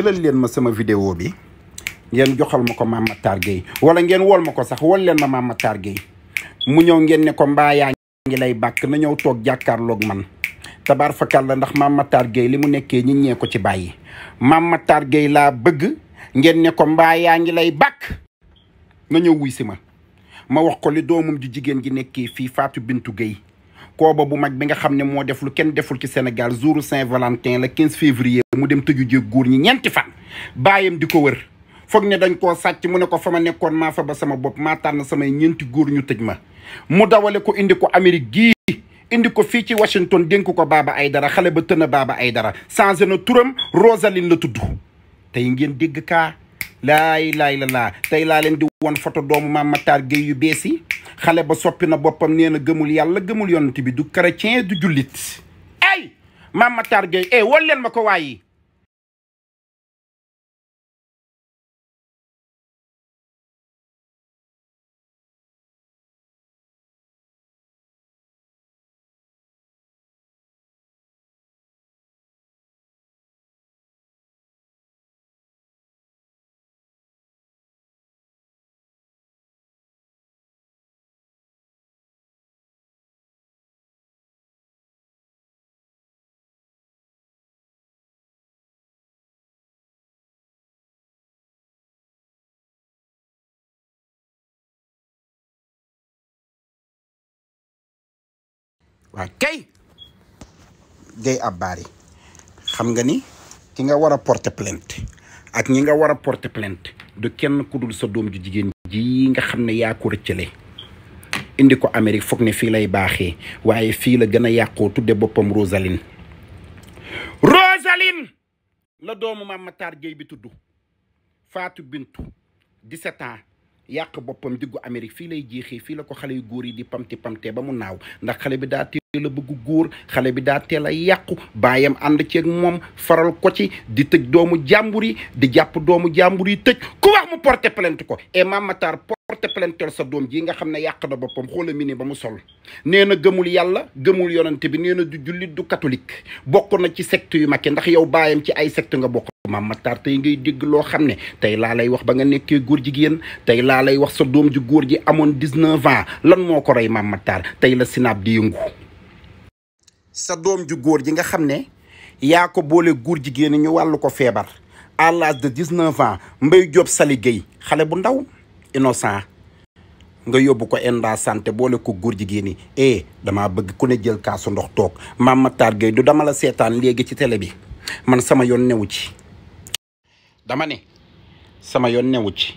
jëlal leen ma sama vidéo bi ngeen joxal ma ko Mame Matar géey wala ngeen wol ma ko sax wol leen ma Mame Matar Gueye mu ñëw ngeen ne ko mbaa yaa ngi lay bàkk na ñëw toog jàkkaarloog man tabaar fakal ndax Mame Matar Gueye li mu nekkee ñi ñee ko ci bàyyi Mame Matar laa bëgg ngeen ne ko mbaa yaa ngi lay bàkk na si ma ma wax ko li doomam ju jigéen gi nekkee fii faatu bintu géey kooba bu mag bi nga xam ne moo def kenn deful ci Sénégal jouru Saint-Valentin la 15 février mu dem tëju jéeg góor ñi ñeenti fan bàyyam di ko wër foog ne dañ koo sàcc mu ne ko fa ma nekkoon maa fa ba sama bopp maa tànn samay ñeenti góor ñu tëj ma mu dawale ko indi ko Amérique gii indi ko fii ci Washington dénk ko ay dara xale ba tën a ay dara changé na turam Rosaline la tudd tey ngeen dégg kaa laay laay la laa tey laa leen di woon photo doomu maam Matar Gueye yu bees yi xale ba soppi na boppam nee na gëmul yàlla gëmul yonent bi du chrétien du jullit ay maam Matar Gueye eh wol leen ma ko waayi waaye kay Gaye Aboubary xam nga ni ki nga war a porter ak ñi nga war a porter plainte du kenn ku dul sa doom ju jigéen ji nga xam ne yaa ko indi ko Amérique foog ne fi lay baaxee waaye fii la gën a yàqoo tudde boppam Rosaline Rosaline la doomu Mame Matar Gueye bi tudd Fatou Bintou 17 ans yàq boppam diggu Amérique fii lay jeexee fii la ko xale yu góor yi di pamti pamte ba mu naaw ndax xale bi daa la bëgg góor xale bi daa teel yàqu baayam ànd ceeg moom faral ko ci di tëj doomu jàmbur yi di jàpp doomu jàmbur yi tëj ku wax mu porté plainte ko et Mame Matar porté plainte sa doom ji nga xam ne yàq na boppam xoola mi nii ba mu sol nee na gëmul yàlla gëmul yonante bi nee na du jullit du catholique bokk na ci secte yu mag yi ndax yow baayam ci ay secte nga bokk Mame Matar tey ngay dégg loo xam ne tey laa lay wax ba nga nekkee góor jigéen tey laa lay wax sa doom ji góor ji amoon 19 ans lan moo ko rey Mame tey la sinaab di yëngu sa doom ju góor ji nga xam ne yaa ko boole góor jigéen ñu wàllu ko feebar à l'âge de dix-neuf ans Mbaye Diop Sali Gueye xale bu ndaw innocent nga yóbbu ko inda santé boole ko góor jigéen ñi eh, damaa bëgg ku ne jël kaasu ndox toog Mame Matar Gueye du dama la seetaan léegi ci télé bi man sama yoon newu ci dama ne sama yoon newu ci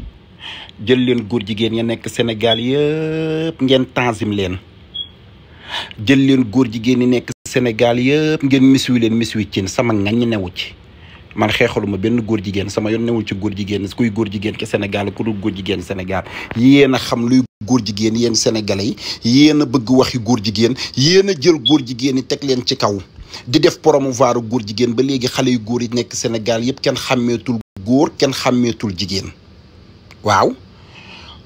jël leen góor jigéen ya nekk Sénégal yëpp ngeen tanzim leen jël leen góor jigéen yi nekk Sénégal yëpp ngeen misuwi leen wi cin sama ngañ newu ci man xeexaluma benn góor jigéen sama yoon newul ci góor jigéen kuy góor jigéen ke Sénégal ku dul góor jigéen Sénégal yéen a xam góor jigéen yéen sénégalais yi yéen a bëgg waxi góor jigéen yéen a jël góor jigéen yi teg leen ci kaw di def promouvoir góor jigéen ba léegi xale yu góor yi nekk Sénégal yëpp kenn xàmmeetul góor kenn xàmmeetul jigéen waaw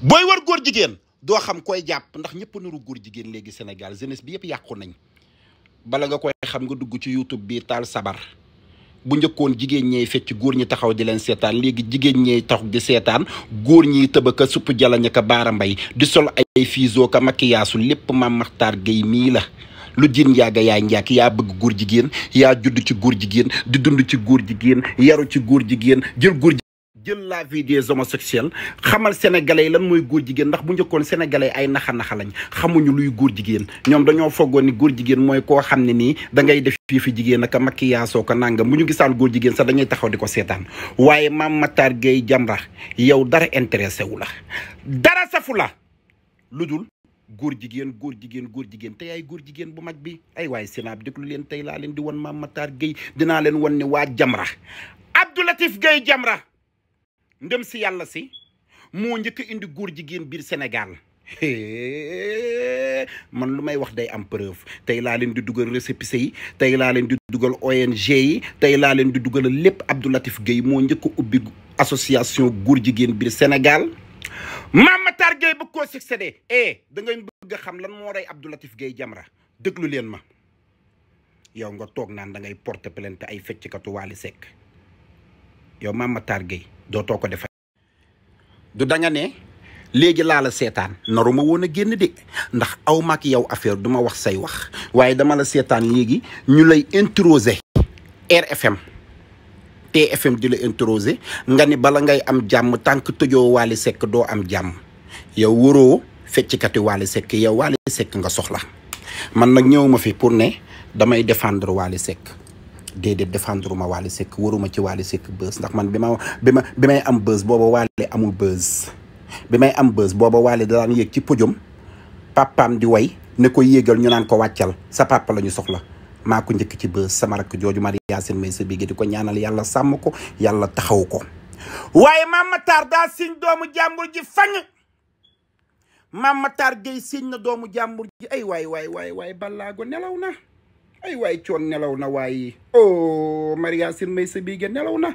booy war góor jigéen doo xam koy jàpp ndax ñëpp nuru góor jigéen léegi Sénégal jeunesse bi yëpp yàqu nañ bala nga koy xam nga dugg ci youtube bi taal sabar bu njëkkoon jigéen ñeey fecc góor ñi taxaw di leen seetaan léegi jigéen ñey taxaw di seetaan góor ñiy tëbaka supp jalañ ka baara mbay di sol ay fiisoo ka makiyaasu lépp maam maxtaar gay mii la lu jin yaaga yaa njaak yaa bëgg góor jigéen yaa judd ci góor jigéen di dund ci góor jigéen yaru ci góor jigéen jël góor jël la vie des homosexuels xamal sénégalais yi lan mooy góor jigéen ndax bu njëkkoon sénégalais ay naxa naxa lañ xamuñu luy góor jigéen ñoom dañoo foogoon ni góor jigéen mooy koo xam ne nii dangay def fii fi jigéen aka makiyaasoo ko nangam bu ñu gisaal góor jigéen sax dañuy taxaw di ko seetaan waaye maam Matar Gueye Jamra yow dara intéressé wu la dara safu la lu dul góor jigéen góor jigéen góor jigéen tey ay góor jigéen bu mag bi ay waaye sénaab déglu leen tey laa di wan maam Matar Gueye dinaa leen wan ne waa Jamra Abdoulatif Gueye Jamra ndem si yàlla si moo njëkk indi góor jigéen biir Sénégal man lu may wax day am preuve tey laa leen di dugal tey laa leen di dugal ONG yi tey laa leen di dugal lépp Abdou Latif moo njëkk a ubbi association jigéen biir Sénégal maam Matar Gueye bëgg koo succédé eh da ngay bëgg a xam lan moo rey Abdou Latif Gueye Jamra déglu leen ma yow nga toog naan dangay ngay porter plainte ay fecckatu Wally Seck yow Mame Matar Gueye dootoo ko defal du danga ne léegi laa la seetaan ma woon a génn de ndax aw ma yow affaire duma wax say wax waaye dama la seetaan léegi ñu lay introsé RFM TFM di la introsé nga ni bala ngay am jàmm tànk tëjoo Wally sekk doo am jàmm yow waroo feccikati Wally sekk yow Wally sekk nga soxla man nag ñëwuma fi pour ne damay defendre Wally Seck déedéet défendre ma Wally Seck waruma ci Wally sekk buzz ndax man bi ma bi ma bi may am buzz booba Wally amul buzz bi may am buzz booba Wally da daan yéeg ci podium papaam di way ne ko yéegal ñu naan ko wàccal sa papa la ñu soxla maa ko njëkk ci buzz sama rakk jooju Marie Yacine may sa bigé di ko ñaanal yàlla sàmm ko yàlla taxaw ko waaye Mame Matar daa siñ doomu jàmbur ji fañ Mame Matar Gueye siñ na doomu jàmbur ji ay waay waay waay waay ballaago nelaw na ay waay coon nelaw na waaye o oh, Maria Sine Maysa Bigué nelaw na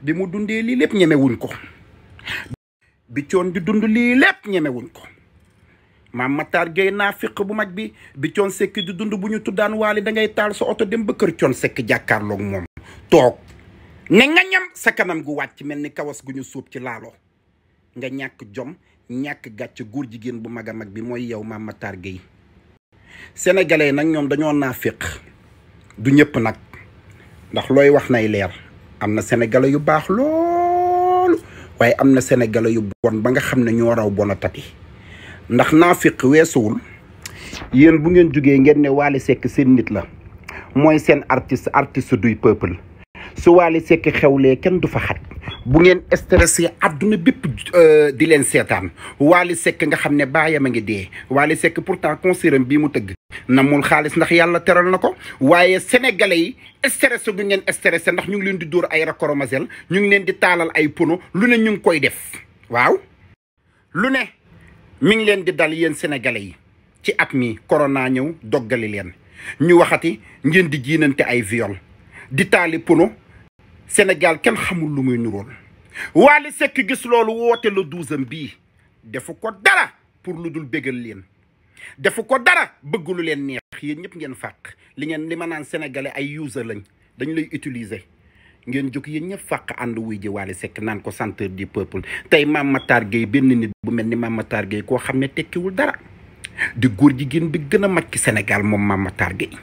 bi mu dundee lii lépp ñemewuñ ko bi coon di dund lii lépp ñemewuñ ko maam Matar Gueye naa fiq bu mag bi bi coon sekk di dund bu ñu tuddaan waali da ngay taal sa oto dem ba kër coon sekk jàkkaarloog moom toog ne nga ñam sa kanam gu wàcc mel ni kawas gu ñu suub ci laalo nga ñàkk jom ñàkk gàcc góor jigéen bu mag a mag bi mooy yow maam Matar Gueye sénégalais nag ñoom dañoo naafiq du ñëpp nag ndax looy wax nay leer am na sénégalais yu baax loolu waaye am na sénégalais yu bon ba nga xam ne ñoo raw bon a tati ndax naafiq weesuwul yéen bu ngeen jógee ngeen ne Wally Seck seen nit la mooy seen artiste artiste duy peuple su Wally Seck xewlee kenn du fa xat bu ngeen stressé àdduna bépp euh, di leen seetaan Wally sekk nga xam ne baayam a ngi dee Wally Seck pourtant concert bii mu tëgg namul xaalis ndax yàlla teral na ko waaye sénégalais yi stressé gu ngeen stressé ndax ñu ngi leen di dóor ay raccoromasel ñu ngi leen di taalal ay pono lu ne ñu ngi koy def waaw lu ne mi ngi leen di dal yéen sénégalais yi ci at mi corona ñëw doggali leen ñu waxati ngeen di jiinante ay viol di taali pono Sénégal kenn xamul lu muy nuróol Wally sekk gis loolu woote le douzième bii defu ko dara pour lu dul bégal leen defu ko dara bëgg lu leen neex yéen ñëpp ngeen fàq li ngeen li ma naan sénégalais ay user lañ dañ lay utiliser ngeen jóg yéen ñëpp fàq ànd wuy ji sekk naan ko centre du peuple tey Mame Matar Gueye benn nit bu mel ni Mame Matar Gueye koo xam ne tekkiwul dara di góor jigéen bi gën a mag ci Sénégal moom Mame Matar Gueye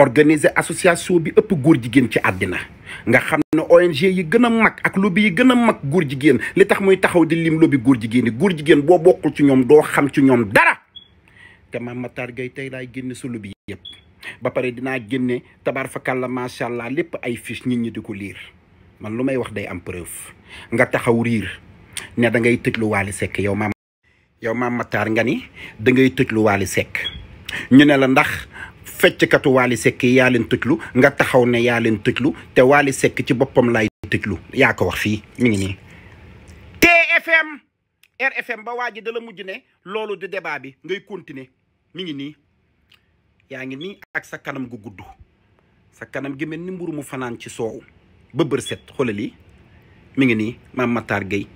organiser association bi ëpp góor jigéen ci àddina nga xam ne ONG yi gën a mag ak lobby yi gën a mag góor jigéen li tax muy taxaw di lim lobby góor jigéen yi góor jigéen boo bokkul ci ñoom doo xam ci ñoom dara te Mame Matar Gueye tey laay génne sa lobby yëpp ba pare dinaa génne tabaar la macha allah lépp ay fiche nit ñi di ko liir man lu may wax day am preuve nga taxaw riir ne da ngay tëj lu Wally Seck yow ma yow Mame Matar nga ni da ngay tëj lu Wally Seck ñu ne la ndax fecckatu Wally Seck yi yaa leen tëjlu nga taxaw ne yaa leen tëjlu te Wally sekk ci boppam laay tëjlu yaa ko wax fii mi ngi nii TFM RFM ba waa ji da mujj ne loolu di débat bi ngay continuer mi ngi nii yaa ngi nii ak sa kanam gu gudd sa kanam gi mel ni mburu mu fanaan ci soow ba bër set xoolal yi mi ngi nii maam Matar Gueye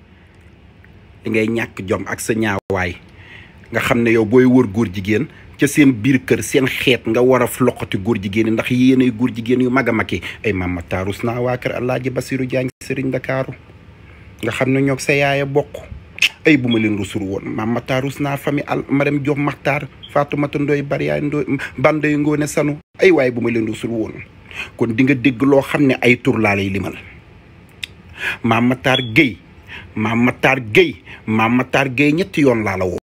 li ngay ñàkk jom ak sa ñaawaay nga xam ne yow booy wër góor jigéen ca seen biir kër seen xeet nga war a loqati góor jigéen yi ndax yéenay góor jigéen yu mag a mag yi ay maama taarus Basiru Jaañ Sëriñ Dakaaru nga xam ne ñoo sa yaaya bokk ay bu ma leen rusul woon maama taarus naa fami al Maram Sanu ay bu ma leen rusul woon kon di nga dégg loo xam ne ay tur laa lay limal maam Matar Gueye maam Matar Gueye maam ñetti yoon laa la woo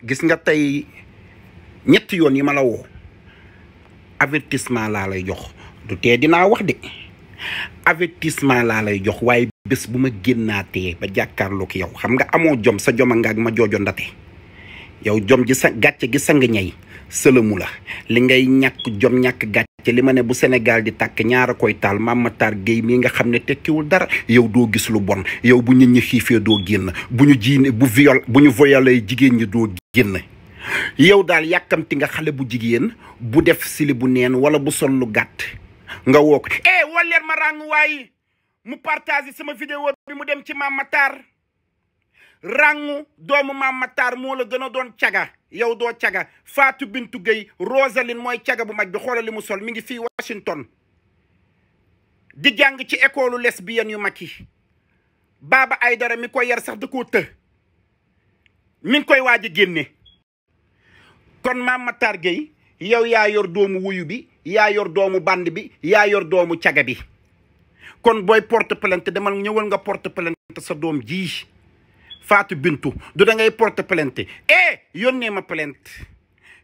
gis nga tey ñetti yoon yi ma la woo avertissement laa lay jox du te dinaa wax de avertissement laa lay jox waaye bés bu ma génnaatee ba jàkkaarloog yow xam nga amoo jom sa joma nga ak ma joojo ndate yow jom ji sa gàcce gi sang ñay sëlëmu la li ngay ñàkk jom ñàkk gàcce ci li ma ne bu senegal di tàkk ñaara koy taal Mame Matar Gueye nga xam ne tekkiwul dara yow doo gis lu bon yow bu nit ñi xiifee doo génn bu ñu jiine bu viol bu ñu voyalee jigéen ñi doo génn yow daal yàkkamti nga xale bu jigéen bu def sili bu neen wala bu sol lu gàtt nga woo ko eh wal ma ràng waaye mu partage sama vidéo bi mu dem ci Mame Matar ràngu doomu maam Matar moo la gën a doon caga yow doo caga Fatou Bintou Gueye Rosaline mooy caga bu mag bi xoolal li mu sol mi ngi fii Washington di jàng ci école lesbienne yu mag yi Baba Aydara mi ko yar sax da të mi ngi koy waaj génne kon maam Matar Gueye yow yaa yor doomu wuyu bi yaa yor doomu band bi yaa yor doomu caga bi kon booy porte plainte demal ñëwal nga porte plainte sa doom jii faatu bintu du dangay ngay porter plainte eh yónnee ma plainte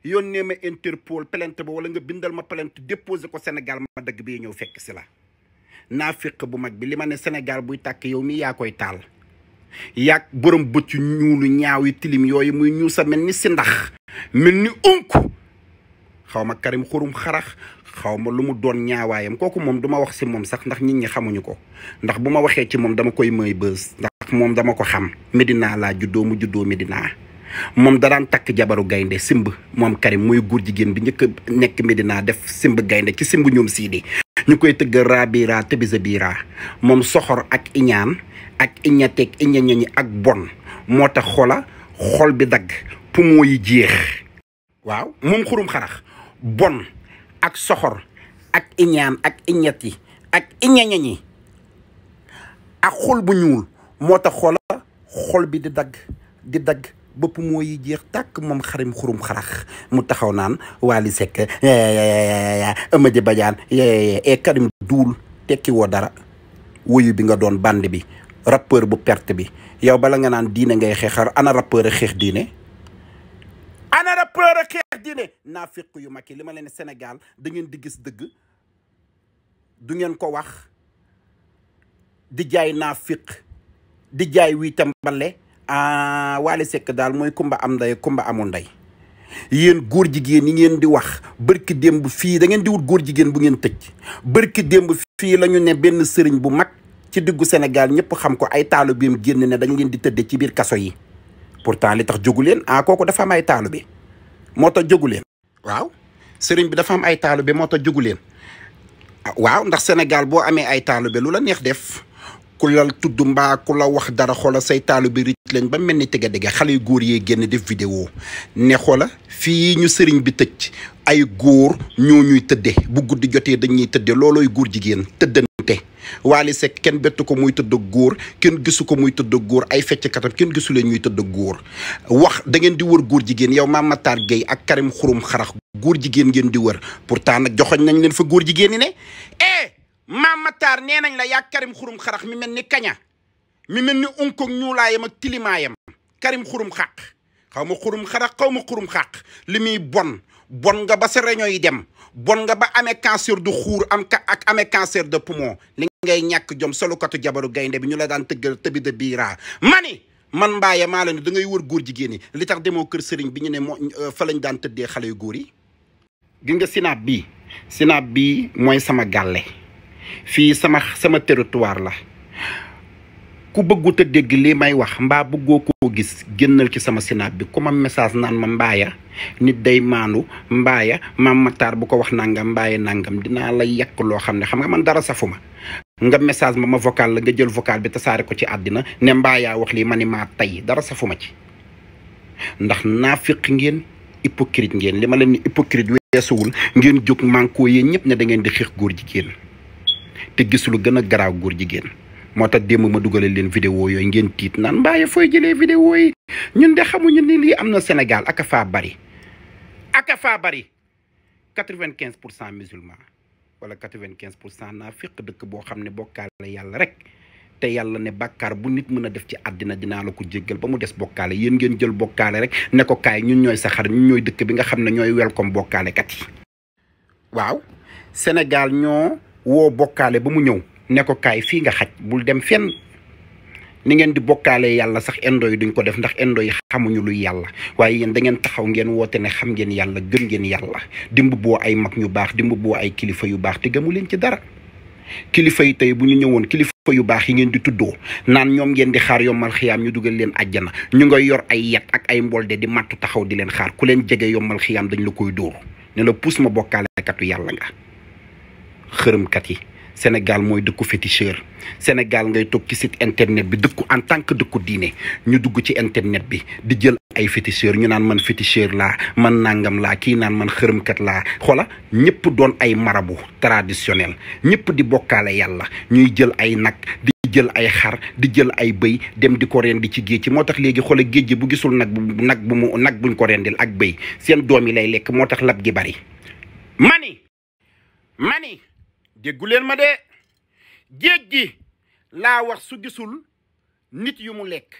nee ma Interpol plainte ba wala nga bindal ma plainte déposer ko Sénégal ma dagg bi ñëw fekk si la naa féq bu mag bi li ma ne Sénégal buy tàkk yow mi yaa koy taal yaag borom bët yu ñuulu ñaaw yi tilim yooyu muy ñuu sa mel ni si ndax mel ni unk xaw ma Karim xurum xarax xaw ma lu mu doon ñaawaayam kooku moom du ma wax si moom sax ndax nit ñi xamuñu ko ndax bu ma waxee ci moom dama koy may bës moom dama ko xam Medina laa juddoo mu juddoo Medina moom daraan takk jabaru gaynde simb moom Karim muy góor jigéen bi njëkk nekk Medina def simb gaynde ci simb ñoom siidi ñu koy tëgg rabira tëbisa bira moom soxor ak iñaan ak iñateeg ak bon moo tax xola xol bi dagg poumon waaw moom xurum bon ak soxor ak iñaan ak yi ak ak xol bu ñuul moo tax xoola xol bi di dagg di dagg bopp mooy jeex tàkk moom xarim xurum xarax mu taxaw naan Wally Seck Amady Badiane e Karim duul tekki woo dara woyu bi nga doon band bi rappeur bu perte bi yow bala nga naan diine ngay xeexar ana rappeur a xeex diine ana rappeur a xeex diine naafiq yu mag yi li ma leen Sénégal da ngeen di gis dëgg du ngeen ko wax di jaay naafiq di jaay wii tambale ah Wally sekk daal mooy kumba am nday kumba amul nday yéen góor jigéen yi ngeen di wax bërki démb fii da ngeen di wut góor jigéen bu ngeen tëj bërki démb fii lañu ne benn sëriñ bu mag ci diggu senegal ñëpp xam ko ay mu génn ne dañ ngeen di tëddee ci biir kaso yi pourtant li tax jógu leen ah kooku dafa am ay bi moo tax jógu leen waaw sëriñ bi dafa am ay bi moo tax jógu leen ah, waaw ndax senegal boo amee ay taalibe lu la neex def ku lal tudd mbaa ku la wax dara xoola say taalu bi ricc lañ ba mel ni tege dege xale yu góor yee génn def vidéo ne xoola fii ñu sëriñ bi tëj ay góor ñu ñuy tëdde bu guddi jotee dañuy tëdde loolooy góor jigéen tëddante Wally Seck kenn bettu ko muy tëdd góor kenn gisu ko muy tëdd góor ay fecc katam kenn gisu leen ñuy tëdd góor wax da ngeen di wër góor jigéen yow Mame Matar Gueye ak Karim Xurum Xarax góor jigéen ngeen di wër pourtant nag joxoñ nañ leen fa góor jigéen maam mataar nee nañ la yaa Karim xurum xarax mi mel ni kaña mi mel ni unkoog ñuulaayam ak tilimaayam Karim xurum xaq xaw ma xurum xarax xaw ma xurum xaq li muy bon bon nga ba sa réunion yi dem bon nga ba amee cancer du xuur am ka ak amee cancer de poumon li ngay ñàkk jom solukatu jabaru gaynde bi ñu lay daan tëggal tëbi de biira mani man mbaaye maa la ne da ngay wër góor jigéen ñi li tax demoo kër sëriñ bi ñu ne moo euh, fa lañ daan tëddee xale yu góor yi gis nga sinaab bii sinaab bii mooy sama gàlle fii sama sama territoire la ku bëggut a dégg lii may wax mbaa bëggoo koo gis génnal ci sama sinaat bi ku ma message naan ma mbaaya nit day maanu mbaaya maam Matar bu ko wax nangam mbaay nangam dinaa la yàq loo xam ne xam nga man dara safuma nga message ma ma vocal la nga jël vocal bi tasaare ko ci àddina ne mbaaya wax lii ma ni ma tey dara safuma ci ndax naafiq ngeen hypocrite ngeen li ma leen ni hypocrite weesuwul ngeen jóg mànkoo yéen ñëpp ne da ngeen di xeex góor jigéen te gis lu gën a garaaw góor jigéen moo tax démb ma dugalal leen vidéo yooyu ngeen tiit naan mbaaye fooy jëlee vidéo yi ñun de xamuñu ni lii am na Sénégal aka faa bari aka faa bari quatre-vingt-quinze pour cent musulman wala quatre-vingt-quinze pour cent naa fiq dëkk boo xam ne bokkaale yàlla rek te yàlla ne bàkkaar bu nit mën a def ci àddina dinaa la ko jéggal ba mu des bokkaale yéen ngeen jël bokkaale rek ne ñun ñooy saxar ñun ñooy dëkk bi nga xam ne ñooy welcome bokkaalekat yi waaw woo bokkaale ba mu ñëw ne fii nga xaj bul dem fenn ni ngeen di bokkaale yàlla sax indo yi duñ ko def ndax indo yi xamuñu luy yàlla waaye yéen da ngeen taxaw ngeen woote ne xam ngeen yàlla gëm ngeen yàlla di mbubboo ay mag ñu baax di mbubboo ay kilifa yu baax te gëmu leen ci dara kilifa yi tey bu ñu ñëwoon kilifa yu baax yi ngeen di tuddoo naan ñoom ngeen di xaar yombal xiyaam ñu dugal leen àjjana ñu nga yor ay yat ak ay mbolde di màttu taxaw di leen xaar ku leen jege yombal xiyaam dañ la koy dóor ne la puus ma bokkaalekatu yàlla nga xërëmkat yi Sénégal mooy dëkku féticheur Sénégal ngay toog ci internet bi dëkku en tant que dëkku diine ñu dugg ci internet bi di jël ay féticheur ñu naan man féticheur laa man nangam laa kii naan man xërëmkat laa xoola ñëpp doon ay marabu traditionnel ñëpp di bokkaale yàlla ñuy jël ay nag di jël ay xar di jël ay bëy dem di ko rendi ci géej ci moo tax léegi xoola géej gi bu gisul nag bu nag mu nag buñ ko rendil ak bëy seen doom yi lay lekk moo tax lab gi bari mani déggu leen ma de géej gi laa wax su gisul nit yu mu lekk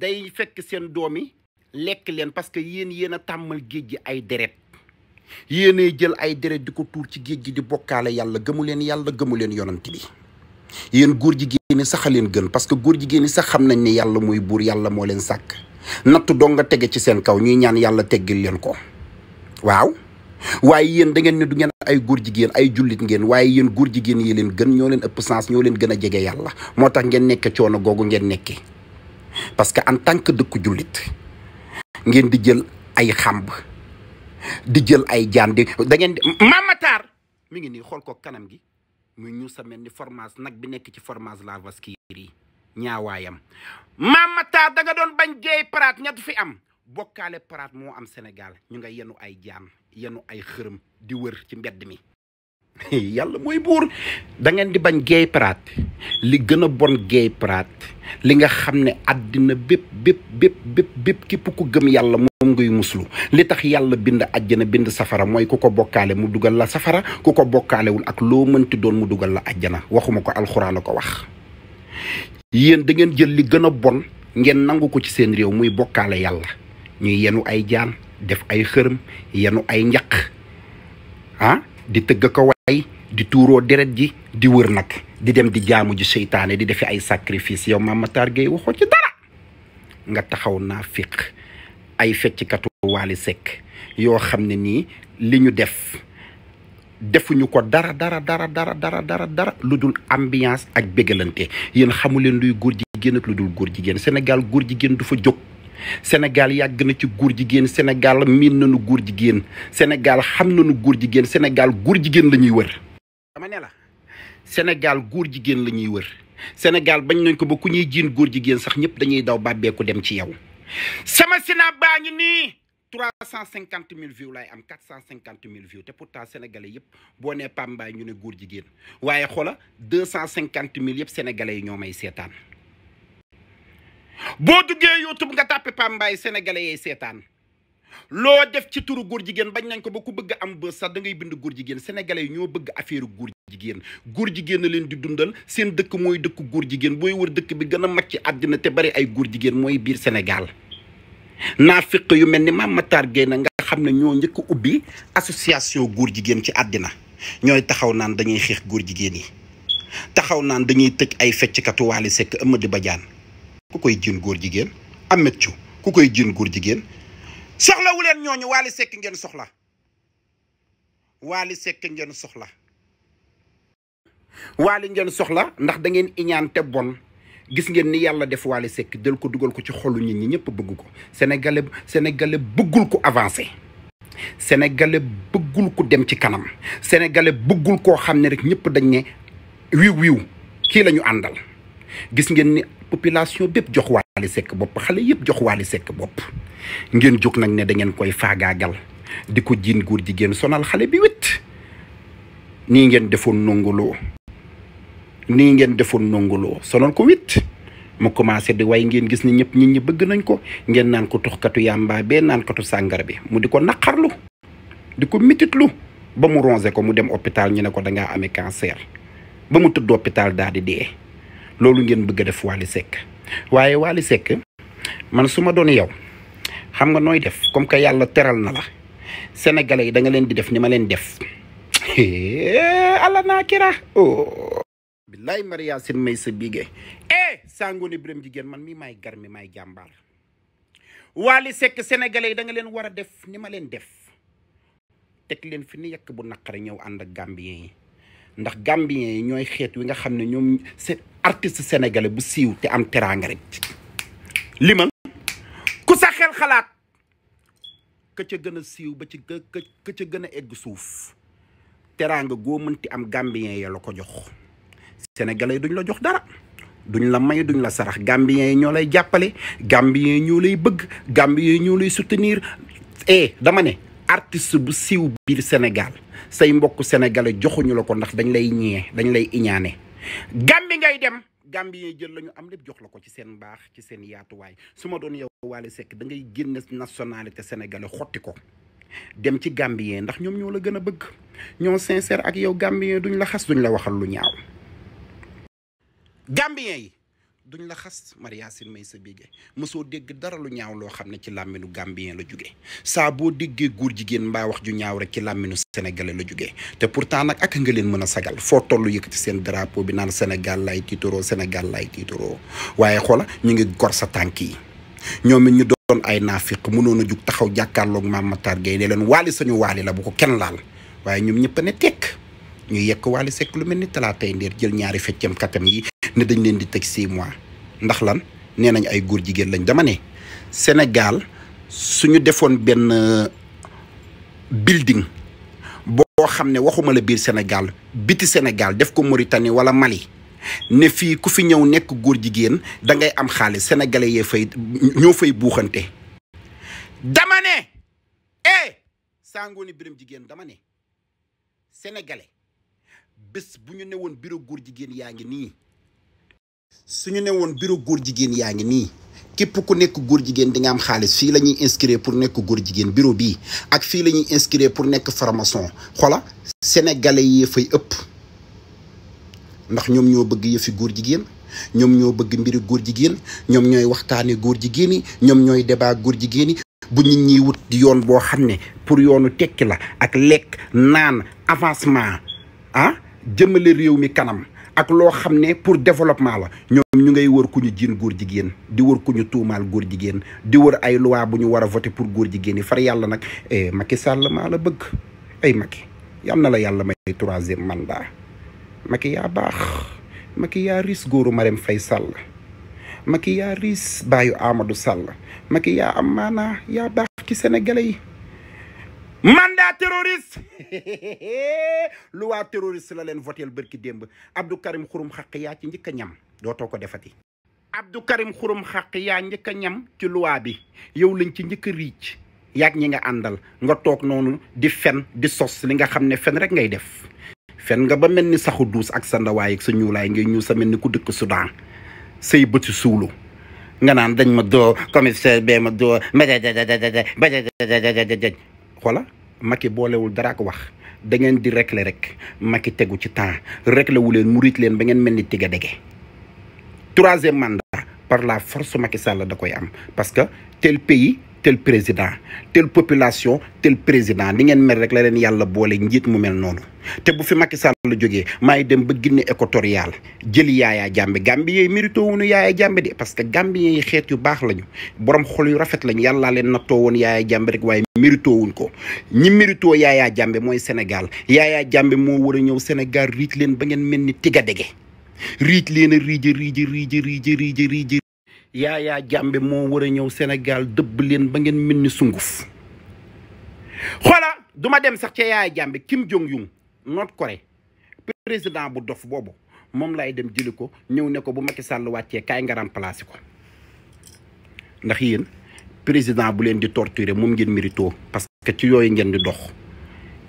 day fekk seen doom yi lekk leen parce que yéen yéen a tàmmal géej gi ay deret yéenay jël ay deret di ko tuur ci géej gi di bokkaale yàlla gëmu leen yàlla gëmu leen yonant bi yéen góor jigéen ñi sax a leen gën parce que góor jigéen ñi sax xam nañ ni yàlla muy buur yàlla moo leen sàkk nattu doo nga tege ci seen kaw ñuy ñaan yàlla teggil leen ko waaw waaye yéen da ngeen ne du ngeen ay góor jigéen ay jullit ngeen waaye yéen góor jigéen yi leen gën ñoo leen ëpp sens ñoo leen gën a jege yàlla moo tax ngeen nekk coono googu ngeen nekkee parce que en tant que dëkku jullit ngeen di jël ay xamb di jël ay jaan di da ngeen di ngi nii xool ko kanam gi mu ñu sa mel ni fromage nag bi nekk ci fromage la Vacherie ñaawaayam mamataar da nga doon bañ géey paraat ña du fi am bokkaale paraat moo am senegal ñu nga yenu ay jaan yenu ay xërëm di wër ci mbedd mi yàlla mooy buur da di bañ gay praat li gën a bon gay praat li nga xam ne àddina bépp bépp bépp bépp bépp képp ku gëm yàlla moom ngay muslu li tax yàlla bind àjjana bind safara mooy ku ko bokkaale mu dugal la safara ku ko bokkaalewul ak loo mënti doon mu dugal la àjjana waxuma ko alxuraan a ko wax yéen da ngeen jël li gën a bon ngeen nangu ko ci seen réew muy bokkaale yàlla ñu yenu ay jaan def ay xërëm yenu ay njaq ah di tëgg ko way di tuuroo deret ji di wër nag di dem di jaamu ji seytaane di defi ay sacrifice yow Mame Matar Gueye waxoo ci dara nga taxaw naa fiq ay feccikatu Wally Seck yoo xam ne nii li ñu def defuñu ko dara dara dara dara dara dara dara lu dul ambiance ak bégalante xamu leen luy góor jigéen ak lu dul góor jigéen Sénégal góor jigéen du fa jóg Sénégal yàgg na ci góor jigéen Sénégal miin nañu góor jigéen Sénégal xam nañu góor jigéen Sénégal góor jigéen la ñuy wër. dama ne la Sénégal góor jigéen la ñuy wër Sénégal bañ nañ ko ba ku ñuy jiin góor jigéen sax ñëpp dañuy daw bàbbeeku dem ci yow. sama sina baa ngi nii. trois cent cinquante mille views laay am quatre cent cinquante mille views te pourtant sénégalais yëpp boo nee Pambaay ñu ne góor jigéen waaye xoola deux cent cinquante mille yëpp sénégalais yi ñoo may seetaan. boo duggee youtube nga tàppe Pape Mbaye sénégalais yay seetaan loo def ci turu góor jigéen bañ nañ ko ba ku bëgg am bës sax da ngay bind góor jigéen sénégalais yi ñoo bëgg affaire góor jigéen góor jigéen na leen di dundal seen dëkk mooy dëkk góor jigéen booy wër dëkk bi gën a mag ci àddina te bari ay góor jigéen mooy biir Sénégal naafiq yu mel ni Mame Matar Gueye na nga xam ne ñoo njëkk ubbi association góor jigéen ci àddina ñooy taxaw naan dañuy xeex góor jigéen yi taxaw naan dañuy tëj ay fecckatu Wally Seck Amady Badiane ku koy jiin góor jigéen Ameth Thiou ku koy jiin góor jigéen soxlawu leen ñooñu Wally Seck ngeen soxla Wally Seck ngeen soxla Wally ngeen soxla ndax da ngeen iñaan te bon gis ngeen ni yàlla def Wally sekki del ko dugal ko ci xolu nit ñi ñëpp bëgg ko sénégalais sénégalais bëggul ko avancé sénégalais bëggul ko dem ci kanam senegale bëggul koo xam ne rek ñëpp dañ ne wiiw wiiw kii lañu àndal gis ngeen ni population bépp jox Wally Seck bopp xale yëpp jox Wally Seck bopp ngeen jóg nag ne dangeen koy faagaagal di ko jiin góor jigéen sonal xale bi wét nii ngeen defoon nongoloo nii ngeen defoon nongoloo sonal ko wét mu commencé di way ngeen gis ni ñëpp nit ñi bëgg nañ ko ngeen naan ko toxkatu yàmbaa bee naan sàngara bi mu di ko naqarlu di ko mititlu ba mu rongé ko mu dem hôpital ñu ne ko dangaa amee cancer ba mu tëdd hôpital daal di dee loolu ngeen bëgg a def Wally Seck waaye Wally Seck man suma ma doon yow xam nga nooy def comme que yàlla teral na la sénégalais yi da nga leen di def ni ma leen def ala naa kira oh billaay maria sin may sa eh, jigéen man mi maay gar mi maay jàmbaar Wally Seck sénégalais yi da nga leen war a def ni ma leen def teg leen fi ni yekk bu naqari ñëw ànd ak gambien yi ndax gambien yi ñooy xeet wi nga xam ne ñoom c'est artiste sénégalais bu siiw te am teraanga rek limal ku sa xel xalaat ka ca gën a siiw ba ci ka ca gën a egg suuf teraanga goo mënti am gambien yi la ko jox sénégalais yi duñ la jox dara duñ la may duñ la sarax gambien yi ñoo lay jàppale gambien yi ñoo lay bëgg gambien yi ñoo lay soutenir eh dama ne artiste bu siiw biir Sénégal say mbokk sénégalais joxuñu la ko ndax dañ lay ñee dañ lay iñaane Gàmbi ngay dem Gàmbi jël lañu am lépp jox la ko ci seen baax ci seen yaatuwaay su ma doon yow Wally Seck dangay ngay génne nationalité sénégalais xotti ko dem ci Gambien ndax ñoom ñoo la gën a bëgg ñoo sincère ak yow Gambien duñ la xas duñ la waxal lu ñaaw Gambien yi duñ la xas Maria Sine Maysa Bigué mosoo dégg dara lu ñaaw loo xam ne ci làmminu Gambien la jóge saa boo déggee góor jigéen mbaa wax ju ñaaw rek ci làmminu Sénégalais la jóge te pourtant nag ak nga leen mën a sagal foo toll yëkkati seen drapeau bi naan Sénégal lay tiitaroo Sénégal lay tiitaroo waaye xoola ñu ngi gor sa tànk yi ñoom it ñu doon ay naafiq mënoon a jug taxaw jàkkaarloog maam Matar Gueye ne leen waali sañu waali la bu ko kenn laal waaye ñoom ñëpp ne tekk ñu yekk Wally Seck lu mel ni talaatay ndeer jël ñaari feccam katam yi ne dañ leen di teg six mois ndax lan nee nañ ay góor jigéen lañ dama ne Sénégal suñu defoon benn euh, building boo xam ne waxuma la biir Sénégal biti Sénégal def ko Mauritanie wala Mali ne fii ku fi ñëw nekk góor jigéen da am xaalis sénégalais yee fay fay buuxante dama ne eh biram jigéen dama ne sénégalais bés bu ñu newoon bureau góor jigéen yaa ngi nii suñu ne woon bureau góor jigéen yaa ngi nii képp ku nekk góor jigéen di nga am xaalis fii la ñuy inscrire pour nekk góor jigéen bureau bii ak fii la ñuy inscrire pour nekk formation xola sénégalais yi fay ëpp ndax ñoom ñoo bëgg yëfi góor jigéen ñoom ñoo bëgg mbiri góor jigéen ñoom ñooy waxtaane góor jigéen yi ñoom ñooy débat góor jigéen yi bu ñu ñuy wut di yoon boo xam ne pour yoonu tekki la ak lekk na avancement ah jëmale réew mi kanam ak loo xam ne pour développement la ñoom ñu ngay war ku ñu jiin góor jigéen di wër ku ñu tuumaal góor jigéen di wër ay loi bu ñu war a voté pour góor jigéen yi far yàlla nag maki eh, Macky maa la bëgg ay Macky yal na la yàlla may troisième mandat Macky yaa baax Macky yaa riis góoru Marème fay Sall Macky yaa riis baayu Amadou Sall Macky yaa am maanaa yaa baax ci sénégalais yi mandat terroriste loi terroriste la leen votel bërki démb Abdou Karim xurum xaq yaa ci njëkk a ñam dootoo ko defati Abdou Karim xurum xaq yaa njëkk ñam ci loi bi yow lañ ci njëkk a riic ñi nga àndal nga toog noonu di fen di sos li nga xam ne fen rek ngay def fen nga ba mel ni saxu duus ak sa ndawaay ak sa ñuulaay ngay ñuul sa mel ni ku dëkk Soudan say bëti suulu nga naan dañ ma doo commissaire bee ma doo xoola Macky boolewul dara ak wax da ngeen di régler rek Macky tegu ci temps régler wu leen mu riit leen ba ngeen mel ni tiga dege troisième mandat par la force Macky Sall da koy am parce que tel pays tel président tel population tel président ni ngeen mel rek la leen yàlla boole njiit mu mel noonu te bu fi Macky Sall la jógee maa ngi dem ba Guinée équatoriale jëli Yaya Jammeh Gambie yooyu mérito wuñu Yaya Jammeh de parce que Gambie yi xeet yu baax lañu borom xol yu rafet lañu yàllaa leen nattoo woon Yaya Jammeh rek waaye mérito wuñ ko ñi mérito Yaya Jammeh mooy Sénégal yaaya Jammeh moo war a ñëw Sénégal riit leen ba ngeen mel ni tigadege riij leen a riija riija yaayaa jàmbe moo war a ñëw Sénégal dëbb leen ba ngeen mel ni sunguf xoola du dem sax ca yaayaa jàmbe Kim Jong Yung Nord Corée président bu dof boobu moom laay dem jëli ko ñëw ne ko bu Macky sàll wàccee kaay nga remplacé ko ndax yéen président bu leen di torturer moom ngeen mérito parce que ci yooyu ngeen di dox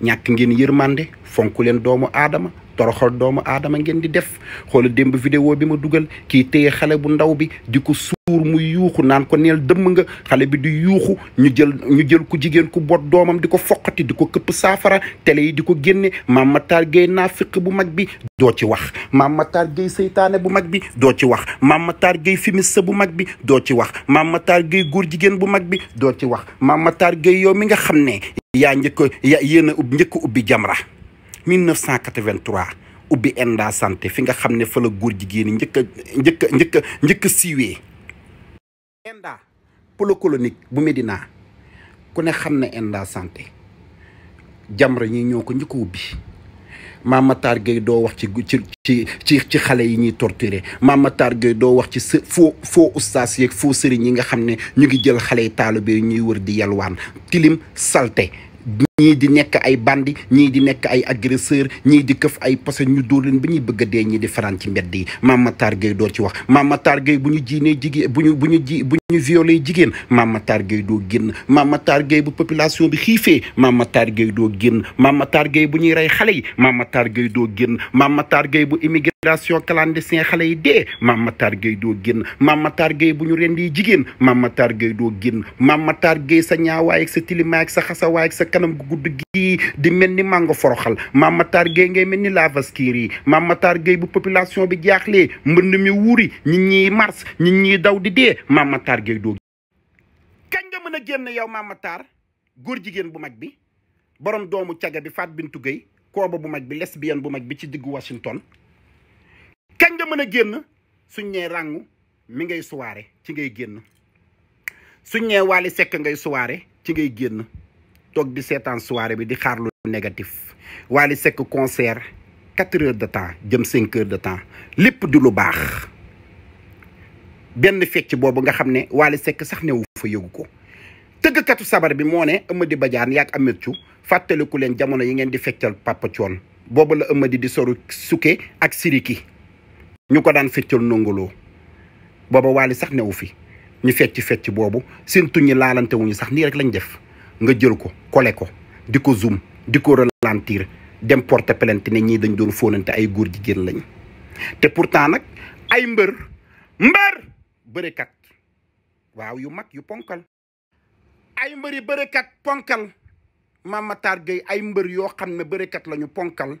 ñàkk ngeen yërmande fonk leen doomu aadama toroxal doomu aadama ngeen di def xoola démb vidéo bi ma dugal kii téye xale bu ndaw bi di ko suur muy yuuxu naan ko neel dëmm nga xale bi di yuuxu ñu jël ñu jël ku jigéen ku boot doomam di ko foqati di ko këpp saafara télé yi di ko génne maam Matar Gueye naafiq bu mag bi doo ci wax maam Matar Gueye seytaane bu mag bi doo ci wax maam Matar Gueye féministe bu mag bi doo ci wax maam Matar Gueye góor jigéen bu mag bi doo ci wax maam Matar Gueye yow mi nga xam ne yaa njëkk yaa njëkk ubbi jamra 1983 ubbi Enda santé fi nga xam ne fa góor jigéen ñi njëkk a njëkk njëkk njëkk a siiwee Enda pôle colonique bu Médina ku ne xam ne Enda santé Jamra ñi ñoo ko njëkk a ubbi Mame Matar doo wax ci ci xale yi ñuy torturé Mame Matar doo wax ci sa foo foo ustaas yeeg sëriñ yi nga xam ne ñu ngi jël xale yi taalibe yi ñuy wër di yalwaan tilim salté ñii di nekk ay bandi ñii di nekk ay agresseur ñii di këf ay posé ñu dóor leen ba ñuy bëgg dee ñii di fanaan ci mbedd yi Mame Matar Gueye doo ci wax Mame Matar Gueye bu ñu jiinee jigéen bu ñu bu ñu ji bu ñu violé jigéen Mame Matar Gueye doo génn Mame Matar Gueye bu population bi xiifee Mame Matar Gueye doo génn Mame Matar Gueye bu ñuy rey xale yi Mame Matar Gueye doo génn Mame Matar Gueye bu immigration clandestin xale yi dee Mame Matar Gueye doo génn Mame Matar Gueye bu ñu rendi jigéen Mame Matar doo génn Mame sa ñaawaay ak sa tilimaay ak sa xasawaay ak sa kanam gu gudd gii di mel ni mango foroxal maam Matar ngay mel ni lavaskiir yi maam Matar bu population bi jaaxlee mbënd mi wuuri ñi ñiy mars ñi daw di dee Matar Gueye kañ nga mën a génn yow maam Matar góor jigéen bu mag bi boroom doomu caga bi Fatou bintu géy kooba bu mag bi lesbienne bu mag bi ci diggu Washington kañ nga mën a génn suñ ñee ràngu mi ngay suwaare ci ngay génn suñ ñee waali sekk ngay suwaare ci ngay génn toog di seetaan soirée bi di xaar lu négatif Wally sekk concert quatre heures de temps jëm cinq de temps lépp di lu baax benn fecc boobu nga xam ne Wally Seck sax newu fa yëgu ko tëggkatu sabar bi moo ne Amady Badiane yaag ametcu fàttaliku leen jamono yi ngeen di feccal Papa Thione boobu la Amady di soru suke ak siriki ñu ko daan feccal nongoloo booba Wally sax newu fi ñu fecc fecc boobu seen tuñi laalante wuñu sax nii rek lañ def nga jël ko kole ko di ko zoom di ko ralentir dem porter plainte ne ñii dañ doon fóonante ay góor jigéen lañ te pourtant nag ay mbër mbër bërekat waaw yu mag yu ponkal ay mbëri bërekat ponkal Mame Matar ay mbër yoo xam ne bërekat lañu ponkal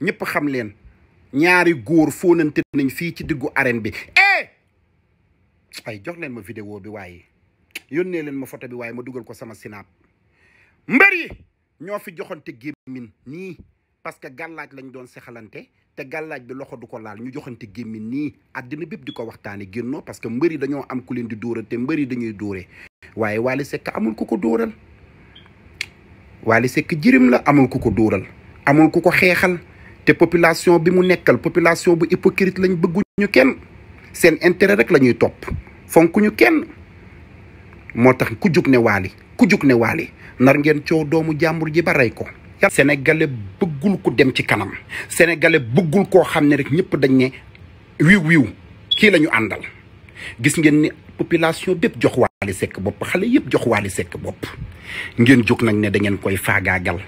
ñépp xam leen ñaari góor fóonante nañ fii ci diggu arène bi eh ay jox leen ma vidéo bi waaye yónnee leen ma photo bi waaye ma dugal ko sama sinaat mbër yi ñoo fi joxante gémmin nii parce que gàllaaj lañ doon sexalante te gàllaaj bi loxo du ko laal ñu joxante gémmin nii àddina bépp di ko waxtaane génnoo parce que mbër yi dañoo am ku leen di dóoral te mbër yi dañuy dóore waaye Wally Seck amul ku ko dóoral Wally Seck jirim la amul ku ko dóoral amul ku ko xeexal te population bi mu nekkal population bu hypocrite lañ ñu kenn seen intérêt rek la ñuy topp moo tax ku jóg ne waali ku jóg ne waali nar ngeen coow doomu jàmbur ji ba rey ko sénégalais bëggul ko dem ci kanam sénégalais bëggul koo xam ne rek ñëpp dañ ne wiw wiw kii lañu àndal gis ngeen ni population bépp jox waali sekk bopp xale yëpp jox waali sekk bopp ngeen jóg nag ne dangeen koy faagaagal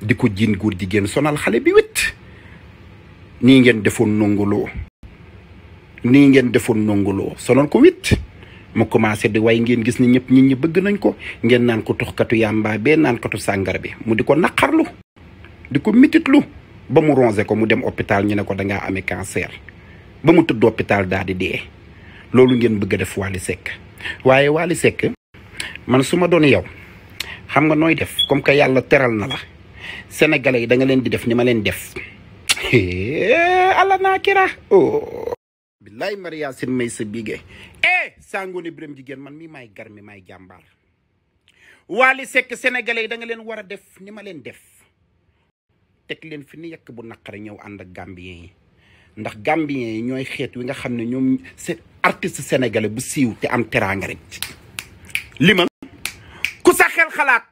di ko jiin góor jigéen sonal xale bi wét nii ngeen defoon nongoloo nii ngeen defoon nongoloo sonal ko wét mu commencé di way ngeen gis ni ñëpp nit ñi bëgg nañ ko ngeen naan ko tuxkatu yàmbaa bee naan katu sàngar bi mu di ko naqarlu di ko mititlu ba mu rongé ko mu dem hôpital ñu ne ko danga amee cancer ba mu tëdd hôpital daal di dee loolu ngeen bëgg a def Wally Seck waaye Wally Seck man su ma doon yow xam nga nooy def comme que yàlla teral na la sénégalais yi da nga leen di def ni ma leen def ala lay maria sin may sa bigee eh sangoone biram jigéen man mii maay garmi mi maay jàmbaar Wally Seck sénégalais yi danga leen war a def ni ma leen def teg leen fi ni yekk bu naqari ñëw ànd ak gambien yi ndax gambien yi ñooy xeet wi nga xam ne ñoom c'est artiste sénégalais bu siiw te am teraanga rek li man ku sa xel xalaat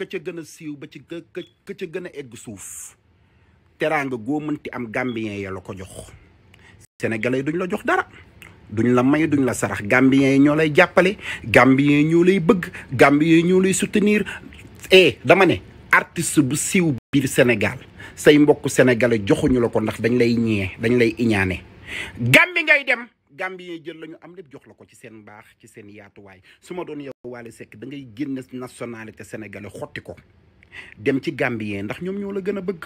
ka ca gën a siiw ba ci ka gën a egg suuf teraanga goo mënti am gambien ya la ko jox sénégalais duñ la jox dara duñ la may duñ la sarax gambien yi ñoo lay jàppale gambien yi ñoo lay bëgg gambien yi ñoo lay soutenir eh dama ne artiste bu siiw biir Sénégal say mbokk sénégalais joxuñu la ko ndax dañ lay ñee dañ lay iñaane gambi ngay dem gambien jël lañu am lépp jox la ko ci seen baax ci seen yaatuwaay su ma doon yow Wally Seck da ngay génn nationalité sénégalais xotti ko dem ci gambien ndax ñoom ñoo la gën a bëgg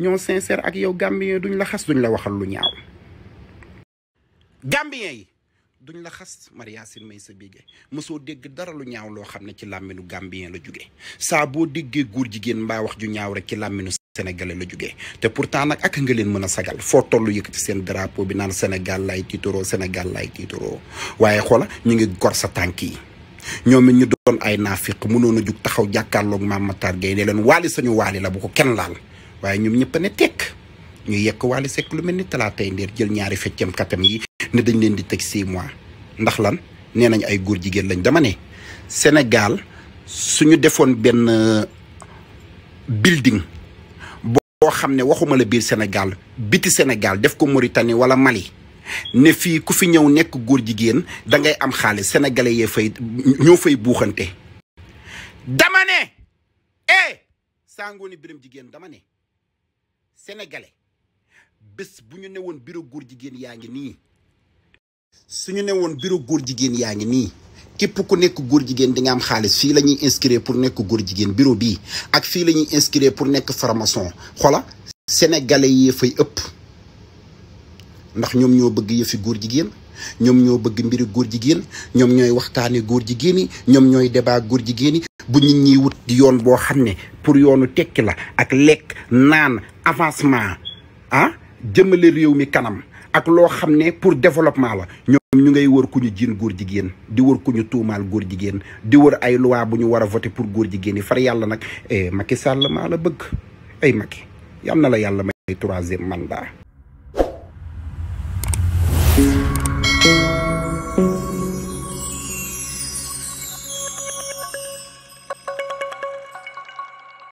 ñoo sincère ak yow gambien duñ la xas la waxal lu ñaaw gambien yi duñ la xas Maria Sine may sa bige mësoo dégg dara lu ñaaw loo xam ne ci làmminu gambien la jóge saa boo déggee góor jigéen mbaa wax ju ñaaw rek ci làmminu sénégalais la jóge te pourtant nag ak nga leen mën a sagal foo toll yëkkati seen drapeau bi naan Sénégal lay tiitaroo Sénégal lay tiitaroo waaye xoola ñu ngi gor sa tànk yi ñoom it ñu doon ay naafiq mënoon a jug taxaw jàkkaarloog Mame Matar Gueye ne leen waali sañu waali la bu ko kenn laal waaye ñoom ñëpp ne tekk ñu yekk Wally Seck lu mel ni talaatay ndeer jël ñaari feccam katam yi ne dañ leen di teg six mois ndax lan nee nañ ay góor jigéen lañ dama ne Sénégal suñu defoon benn euh, building boo xam ne waxuma la biir Sénégal biti Sénégal def ko Mauritanie wala Mali ne fii ku fi ñëw nekk góor jigéen da ngay am xaalis sénégalais yee fay fay buuxante dama ne eh, biram jigéen dama ne sénégalais bés bu ñu newoon bureau góor jigéen yaa ngi nii suñu ne woon bureau góor jigéen yaa ngi nii képp ku nekk góor jigéen di nga am xaalis fii la ñuy inscrire pour nekk góor jigéen bureau bii ak fii la ñuy inscrire pour nekk formation xola sénégalais yi fay ëpp ndax ñoom ñoo bëgg yëfi góor jigéen ñoom ñoo bëgg mbiri góor jigéen ñoom ñooy waxtaane góor jigéen yi ñoom ñooy débat góor jigéen yi bu ñu ñiy wut yoon boo xam ne pour yoonu tekki la ak lekk naan avancement ah jëmale réew mi kanam ak loo xam ne pour développement la ñoom ñu ngay wër ku ñu jiin góor jigéen di wër ku ñu tuumaal góor jigéen di wër ay loi bu ñu war a voté pour góor jigéen yi far yàlla nag eh Macky Sall maa la bëgg ay Macky yal na la yàlla may troisième mandat